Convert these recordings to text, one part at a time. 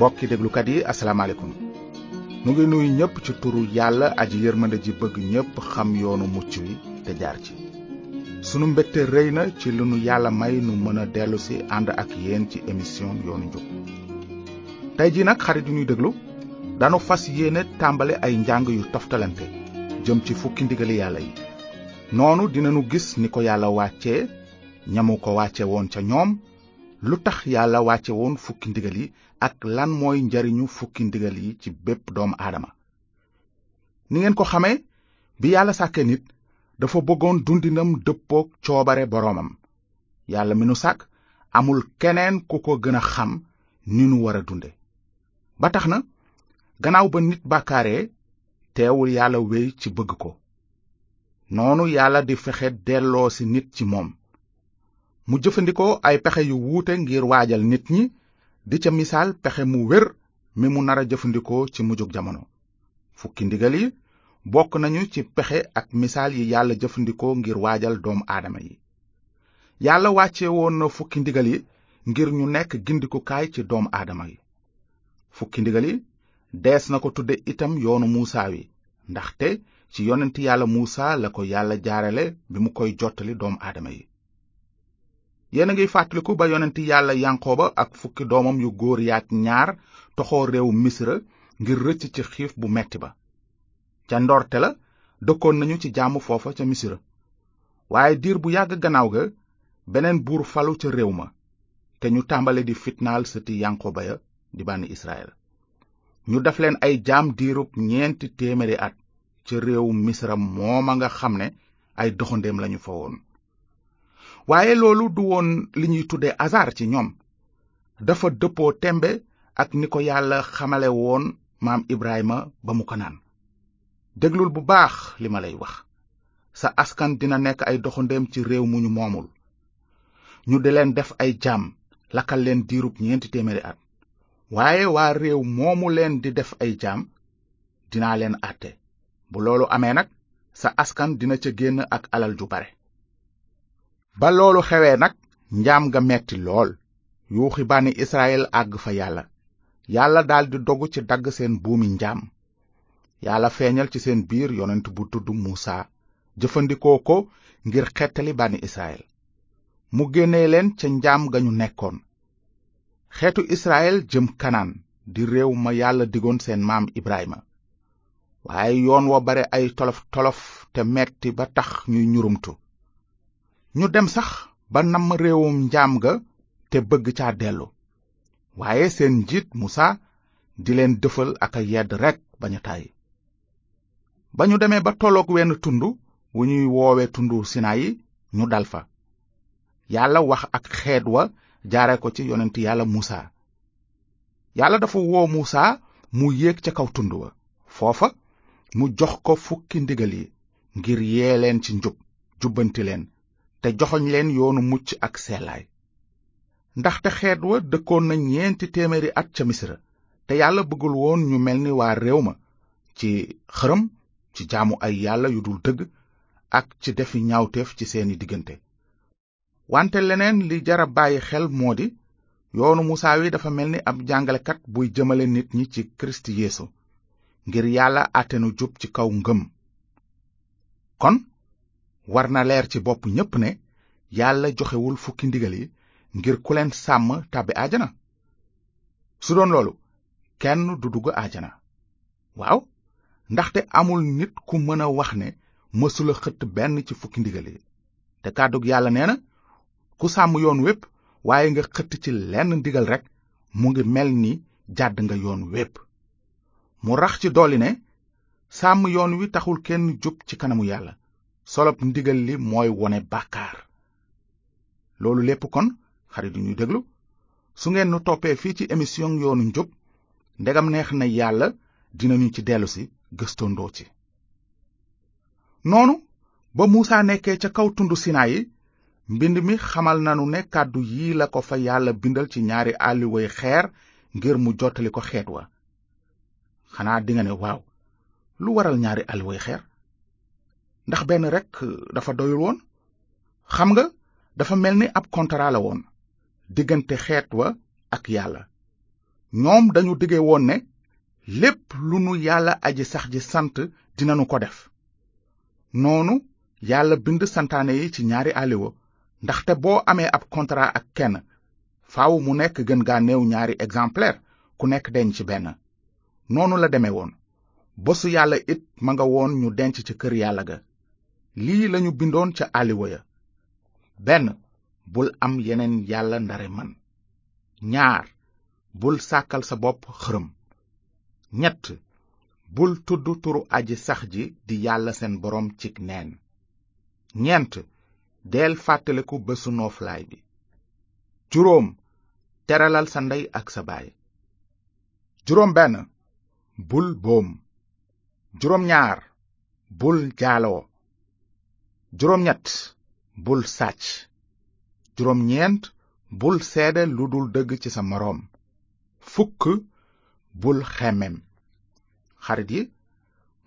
mbokki déglukat yi asalaamaaleykum mu ngi nuyu ñépp ci turu yàlla aji yërmande ji bëgg ñépp xam yoonu mucc wi te jaar ci sunu mbégte rëy na ci lu nu yàlla may nu mën a dellu si ànd ak yéen ci émission yoonu njub tey jii nag xarit yu ñuy déglu danu fas yéene tàmbali ay njàng yu toftalante jëm ci fukki ndigali yàlla yi noonu dinanu gis ni ko yàlla wàcce ñamu ko wàcce woon ca ñoom lu tax yàlla wàcce woon fukki ndigal yi ak lan mooy njariñu fukki ndigal yi ci bépp doomu aadama ni ngeen ko xamee bi yàlla sàkkee nit dafa bëggoon dundinam dëppook coobare boroomam yàlla mi nu sàkk amul keneen ku ko gën a xam ni nu war a dunde ba tax na gannaaw ba nit bàkkaaree teewul yàlla wéy ci bëgg ko noonu yàlla di fexe delloo si nit ci moom mu jëfandikoo ay pexe yu wuute ngir waajal nit ñi di ca misaal pexe mu wér mi mu nar a jëfandikoo ci mujjug jamono fukki ndigal yi bokk nañu ci pexe ak misaal yi yàlla jëfandikoo ngir waajal doomu aadama yi yàlla wàcce woon na fukki ndigal yi ngir ñu nekk gindikukaay ci doomu aadama yi fukki ndigal yi dees na ko tudde itam yoonu muusaa wi ndaxte ci yonent yàlla muusaa la ko yàlla jaarale bi mu koy jottali doomu aadama yi yéen a ngi fàttaliku ba yonenti yàlla ba ak fukki doomam yu góor yaak ñaar toxoo réew misra ngir rëcc ci xiif bu metti ba ca ndoorte la dëkkoon nañu ci jàmm foofa ca misra waaye diir bu yàgg gannaaw ga beneen buur falu ca réew ma te ñu tàmbale di fitnaal sëti yanqooba ya di bànni israel ñu def leen ay jaam diirub ñeenti téeméeri at ca réew misra mooma nga xam ne ay doxandeem lañu fa woon waaye loolu du woon li ñuy tudde hasard ci ñoom dafa dëppoo tembe ak ni ko yàlla xamale woon maam Ibrahima ba mu ko déglul bu baax li ma lay wax sa askan dina nekk ay doxandeem ci réew mu ñu moomul ñu di leen def ay jaam lakkal leen diirub ñeenti téeméeri at waaye waa réew moomu leen di def ay jaam dinaa leen àtte bu loolu amee nag sa askan dina ca génn ak alal ju bare ba loolu xewee nag njaam ga metti lool yuuxi bànni israyil àgg fa yàlla yàlla daldi dogu ci dagg seen buumi njaam yàlla feeñal ci seen biir yonent bu tudd muusa jëfandikoo ko ngir xettali bànni israyil mu génnee leen ca njaam ga ñu nekkoon xeetu israyil jëm kanaan di réew ma yàlla digoon seen maam ibrahima waaye yoon wa bare ay tolof tolof te metti ba tax ñuy ñurumtu ñu dem sax ba namm réewum njaam ga te bëgg ca dellu waaye seen njiit musa di leen dëfal ak a yedd rekk bañu tàyyi ba ñu demee ba tolloog wenn tund wu ñuy woowe tundu sinaayi ñu dal fa yàlla wax ak xeet wa jaare ko ci yonent yàlla musa yàlla dafa woo musa mu yéeg ca kaw tund wa foofa mu jox ko fukki ndigal yi ngir yee leen ci njub jubbanti leen te joxoñ leen yoonu mucc ak seelaay ndaxte xeet wa dëkkoon na ñeenti téeméeri at ca misra te yàlla bëggul woon ñu mel ni waa réew ma ci xërëm ci jaamu ay yàlla yu dul dëgg ak ci defi ñaawteef ci seeni diggante wante leneen li jara bàyyi xel moo di yoonu musaa wi dafa mel ni ab jàngalekat buy jëmale nit ñi ci kirist yeesu ngir yàlla àttenu jub ci kaw ngëm war na leer ci bopp ñépp ne yàlla joxewul fukki ndigal yi ngir ku leen sàmm tàbbi aajana su doon loolu kenn du dugg aajana waaw ndaxte amul nit ku mën a wax ne mësula xëtt benn ci fukki ndigal yi te kàddug yàlla nee na ku sàmm yoon wépp waaye nga xëtt ci lenn ndigal rekk mu ngi mel ni jàdd nga yoon wépp mu rax ci dolli ne sàmm yoon wi taxul kenn jub ci kanamu yàlla solob ndigal li mooy wone bàkkaar loolu lépp kon xarit yu ñu déglu su ngeen nu toppee fii ci émission yoonu njub ndegam neex na yàlla dinañu ci dellusi gëstondoo ci noonu ba muusaa nekkee ca kaw tundu yi mbind mi xamal nanu ne kàddu yii la ko fa yàlla bindal ci ñaari àlliwoy xeer ngir mu jottali ko xeet wa xanaa dinga ne waaw lu waral ñaari àlliwoy xeer ndax benn rek euh, dafa doyul woon xam nga dafa mel ni ab contrat la woon diggante xeet wa ak yàlla ñoom dañu digge woon ne lépp lu nu yàlla aji sax ji sant dinanu ko def noonu yàlla bind santaane yi ci ñaari aliwa ndaxte boo amee ab contrat ak kenn faaw mu nekk gën gaa néew ñaari exemplaire ku nekk deñ ci benn noonu la deme woon bosu yàlla it ma nga woon ñu denc ci kër yàlla ga lii lañu bindoon ca àlliwa ya benn bul am yeneen yàlla ndare man ñaar bul sàkkal sa bopp xërëm ñett bul tudd turu aji sax ji di yàlla seen boroom cig neen ñeent deel fàttaliku bésu nooflaay bi juróom teralal sa ndey ak sa baay juróom benn bul boom juróom ñaar bul jaaloo juróom ñett bul sàcc juróom ñeent bul seede lu dul dëgg ci sa moroom fukk bul xemmem xarit yi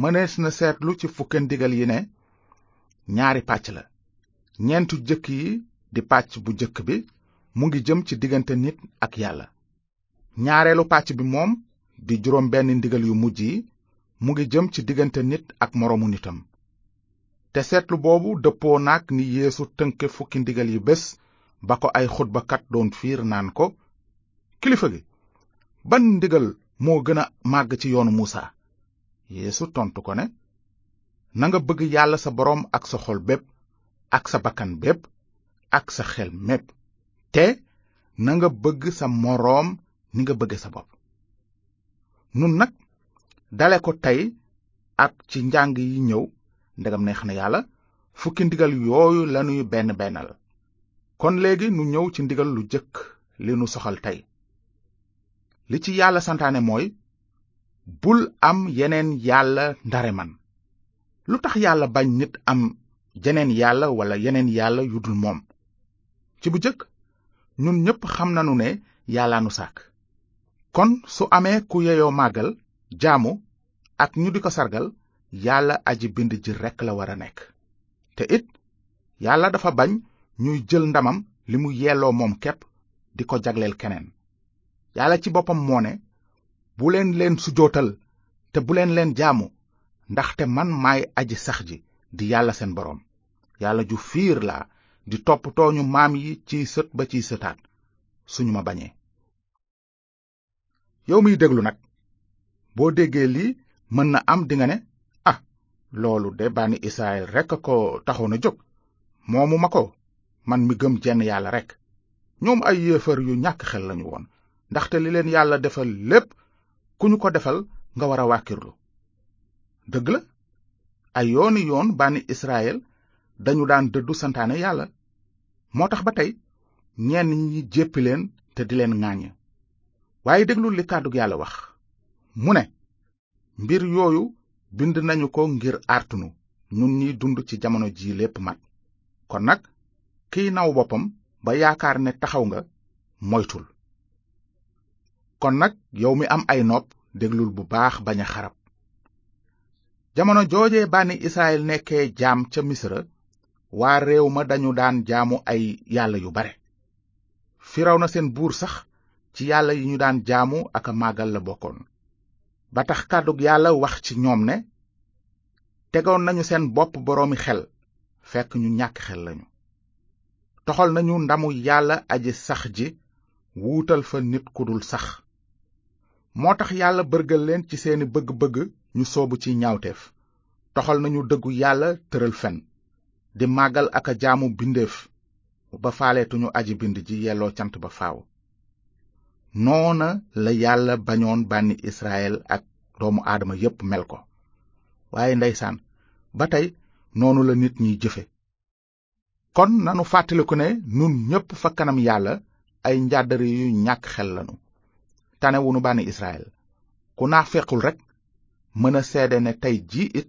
mënees na seetlu ci fukki ndigal yi ne ñaari pàcc la ñeentu jëkk yi di pàcc bu jëkk bi mu ngi jëm ci diggante nit ak yàlla ñaareelu pàcc bi moom di juróom benn ndigal yu mujj yi mu ngi jëm ci diggante nit ak moroomu nitam te seetlu boobu dëppoo nag ni yeesu tënke fukki ndigal yi bés ba ko ay xutbakat doon fiir naan ko kilifa gi ban ndigal moo gën a màgg ci yoonu muusa yeesu tontu ko ne nanga bëgg yàlla sa boroom ak sa xol bépp ak sa bakkan bépp ak sa xel mépp te nanga bëgg sa moroom ni nga bëgge sa bopp nun nag dale ko tey ak ci njàng yi ñëw ndegam neex na yàlla fukki ndigal yooyu lanuy benn bennal kon léegi nu ñëw ci ndigal lu jëkk li nu soxal tey li ci yàlla santaane mooy bul am yeneen yàlla ndare man lu tax yàlla bañ nit am jeneen yàlla wala yeneen yàlla yu dul moom ci bu jëkk ñun ñépp xam nanu ne yàlla nu sàkk kon su amee ku yeyoo màggal jaamu ak ñu di ko sargal yàlla aji bind ji rekk la war a nekk te it yàlla dafa bañ ñuy jël ndamam li mu yelloo moom képp di ko jagleel keneen yàlla ci boppam moo ne buleen leen leen sujootal te bu leen leen jaamu ndaxte man maay aji sax ji di yàlla seen boroom yàlla ju fiir laa di toppatoo ñu maam yi ciy sët ba ciy sëtaat suñu ma bañee yow miy déglu nag boo déggee lii mën na am dinga ne loolu de bànni Israël rekk ko taxoon a jóg moomu ma ko man mi gëm jenn yàlla rekk ñoom ay yéefar yu ñàkk xel lañu woon ndaxte li leen yàlla defal lépp ku ñu ko defal nga war a wàkkirlu dëgg la ay yooni yoon bànni Israël dañu daan dëddu santaane yàlla moo tax ba tey ñenn ñi jéppi leen te di leen ŋàññ waaye déglu li kàddug yàlla wax mu ne mbir yooyu bind nañu ko ngir àrtunu ñun ñi dund ci jamono ji lépp mat kon nag kiy naw boppam ba yaakaar ne taxaw nga moytul kon nag yow mi am ay nopp déglul bu baax bañ a xarab jamono jooje bànni israel nekkee jaam ca misra waa réew ma dañu daan jaamu ay yàlla yu bare firaw na seen buur sax ci yàlla yi ñu daan jaamu ak a màggal la bokkoon ba tax kàddug yàlla wax ci ñoom ne tegoon nañu seen bopp boroomi xel fekk ñu ñàkk xel lañu toxal nañu ndamu yàlla aji sax ji wuutal fa nit ku dul sax moo tax yàlla bërgal leen ci seeni bëgg-bëgg ñu soobu ci ñaawteef toxal nañu dëggu yàlla tëral fen di màggal ak a jaamu bindeef ba faaleetuñu aji bind ji yelloo cant ba faaw noona la yàlla bañoon bànni Israël ak doomu aadama yépp mel ko waaye ndeysaan ba tey noonu la nit ñuy jëfe kon nanu fàttaliku ne nun ñépp fa kanam yàlla ay njàddare yu ñàkk xel lanu tanewunu bànni israel ku naa naafequl rekk mën a seede ne tey jii it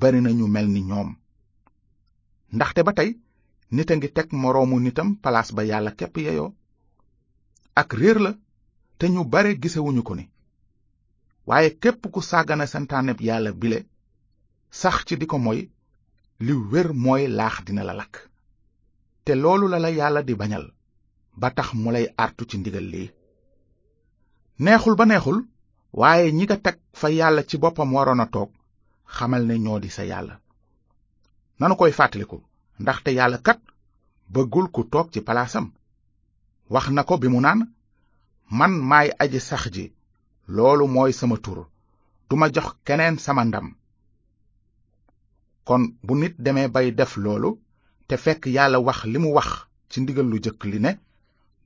bari na ñu mel ni ñoom ndaxte ba tey nit a ngi teg moroomu nitam palaas ba yàlla képp yeyoo ak réer la te ñu bare gisewuñu ko ni waaye képp ku sàggana santaaneb yàlla bile sax ci di ko moy li wér mooy laax dina la lakk te loolu la la yàlla di bañal ba tax mu lay artu ci ndigal lii neexul ba neexul waaye ñi nga teg fa yàlla ci boppam waroon a toog xamal ne ñoo di sa yàlla nanu koy fàttaliku ndaxte yàlla kat bëggul ku toog ci palaasam wax na ko bi mu naan man maay aji sax ji loolu mooy sama tur duma jox keneen sama ndam kon bu nit demee bay def loolu te fekk yàlla wax li mu wax ci ndigal lu jëkk li ne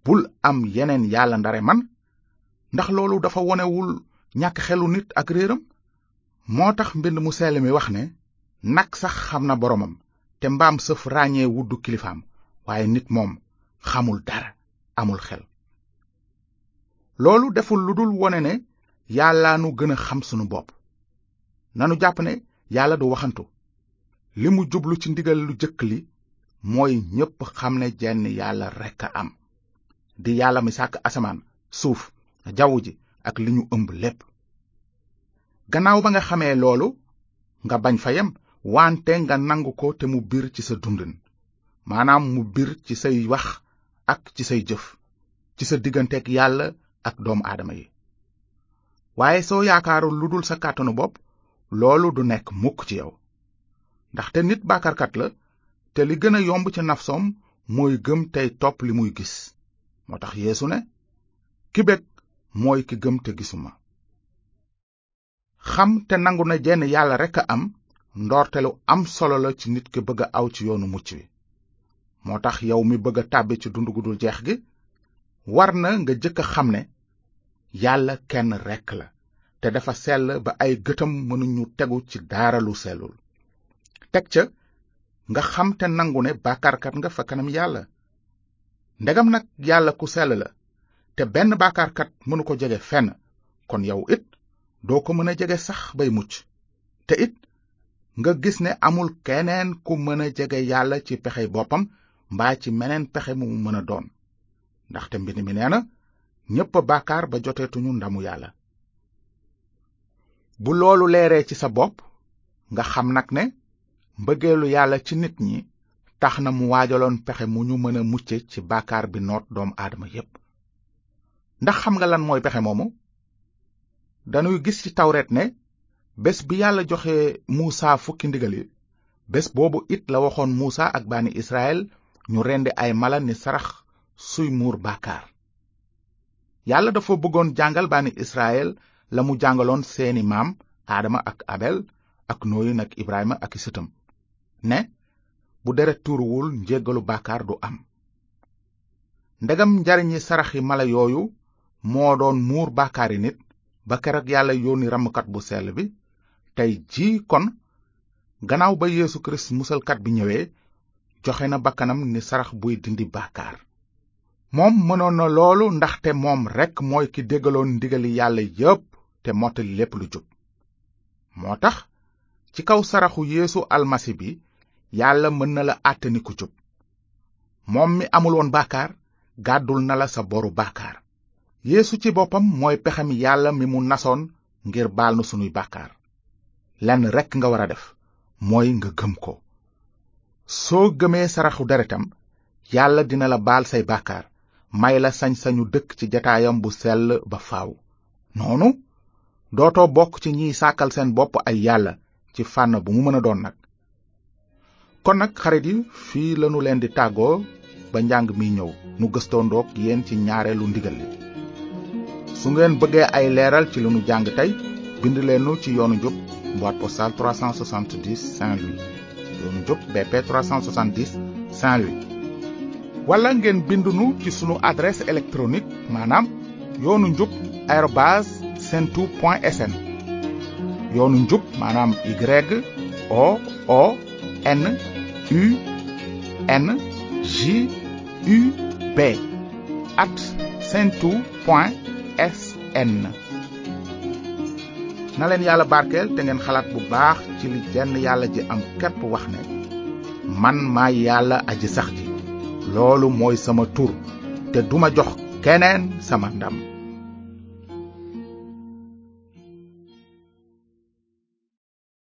bul am yeneen yàlla ndare man ndax loolu dafa wonewul ñàkk xelu nit ak réeram moo tax mbind mu seel mi wax ne nag sax xam na boromam te mbaam sëf ràññee wuddu kilifaam waaye nit moom xamul dara amul xel loolu deful lu dul wone ne yàlla nu gën a xam sunu bopp nanu jàpp ne yàlla du waxantu li mu jublu ci ndigal lu jëkk li mooy ñépp xam ne jenn yàlla rekk a am di yàlla mi sàkk asamaan suuf jaww ji ak li ñu ëmb lépp gannaaw ba nga xamee loolu nga bañ fa yem wante nga nangu ko te mu biir ci sa dundin maanaam mu biir ci say wax ak ci say jëf ci sa digganteeg yàlla ak doomu aadama yi waaye soo yaakaaru lu dul sa kàttanu bopp loolu du nekk mukk ci yow ndaxte nit bàkkarkat la te li gën a yomb ci nafsoom mooy gëm tey topp li muy gis moo tax yéesu ne ki bég mooy ki gëm te gisuma xam te nangu na jenn yàlla rekk a am lu am solo la ci nit ki bëgg a aw ci yoonu mucc wi moo tax yow mi bëgg a tàbbi ci dund gu dul jeex gi war na nga jëkk a xam ne yàlla kenn rekk la te dafa sell ba ay gëtam mënuñu tegu ci dara lu sellul teg ca nga xam te nangu ne bàkkaarkat nga fa kanam yàlla ndegam nag yàlla ku sell la te benn bàkkaarkat mënu ko jege fenn kon yow it doo ko mën a jege sax bay mucc te it nga gis ne amul keneen ku mën a jege yàlla ci pexe boppam mbaa ci meneen pexe mu mën a doon ndaxte mbind mi nee na ñépp a ba joteetuñu ndamu yàlla bu loolu leeree ci sa bopp nga xam nag ne mbëggeelu yàlla ci nit ñi tax na mu waajaloon pexe mu ñu mën a mucce ci bàkkaar bi noot doomu aadama yépp ndax xam nga lan mooy pexe moomu dañuy gis ci tawret ne bés bi yàlla joxe muusa fukki ndigali bés boobu it la waxoon muusa ak bani israel ñu rendi ay mala ni sarax suy muur bàkkaar yàlla dafa bëggoon jàngal bànni israel la mu jàngaloon seeni maam aadama ak abel ak nooyin ak ibrahima ak i sëtam ne bu deret tuuruwul njéggalu bàkkaar du am ndegam njariñi saraxi mala yooyu moo doon muur bàkkaari nit ba keroog yàlla yónni ràmmkat bu sell bi tey jii kon gannaaw ba yeesu kirist musalkat bi ñëwee joxe na bakkanam ni sarax buy dindi bàkkaar moom mënoon na loolu ndaxte moom rekk mooy ki déggaloon ndigali yàlla yépp te mottali lépp lu jub moo tax ci kaw saraxu yéesu almasi bi yàlla mën na la àtte ni ku jub moom mi amul woon baakaar gàddul na la sa boru baakaar yéesu ci boppam mooy pexem yàlla mi mu nasoon ngir baal na sunuy baakaar lenn rekk nga war a def mooy nga gëm ko soo gëmee saraxu deretam yàlla dina la baal say baakaar may la sañ-sañu dëkk ci jataayam bu sell ba faaw noonu dootoo bokk ci ñiy sàkkal seen bopp ay yàlla ci fànn bu mu mën a doon nag kon nag xarit yi fii lanu leen di tàggoo ba njàng mi ñëw nu gëstoondoog yéen ci ñaareelu ndigal li su ngeen bëggee ay leeral ci lanu jàng tey bind leenu ci yoonu njub boîte postale 370 Saint-Louis yoonu njub BP 370 Saint-Louis wala ngeen bindunu ci sunu adresse électronique maanaam yoonu njub arobase sentu point sn yoonu njub maanaam y o o n u n j u b at sentu point sn na leen yàlla barkeel te ngeen xalaat bu baax ci li jenn yàlla ji am képp wax ne man maay yàlla aji sax ji loolu mooy sama tur te duma jox keneen sama ndam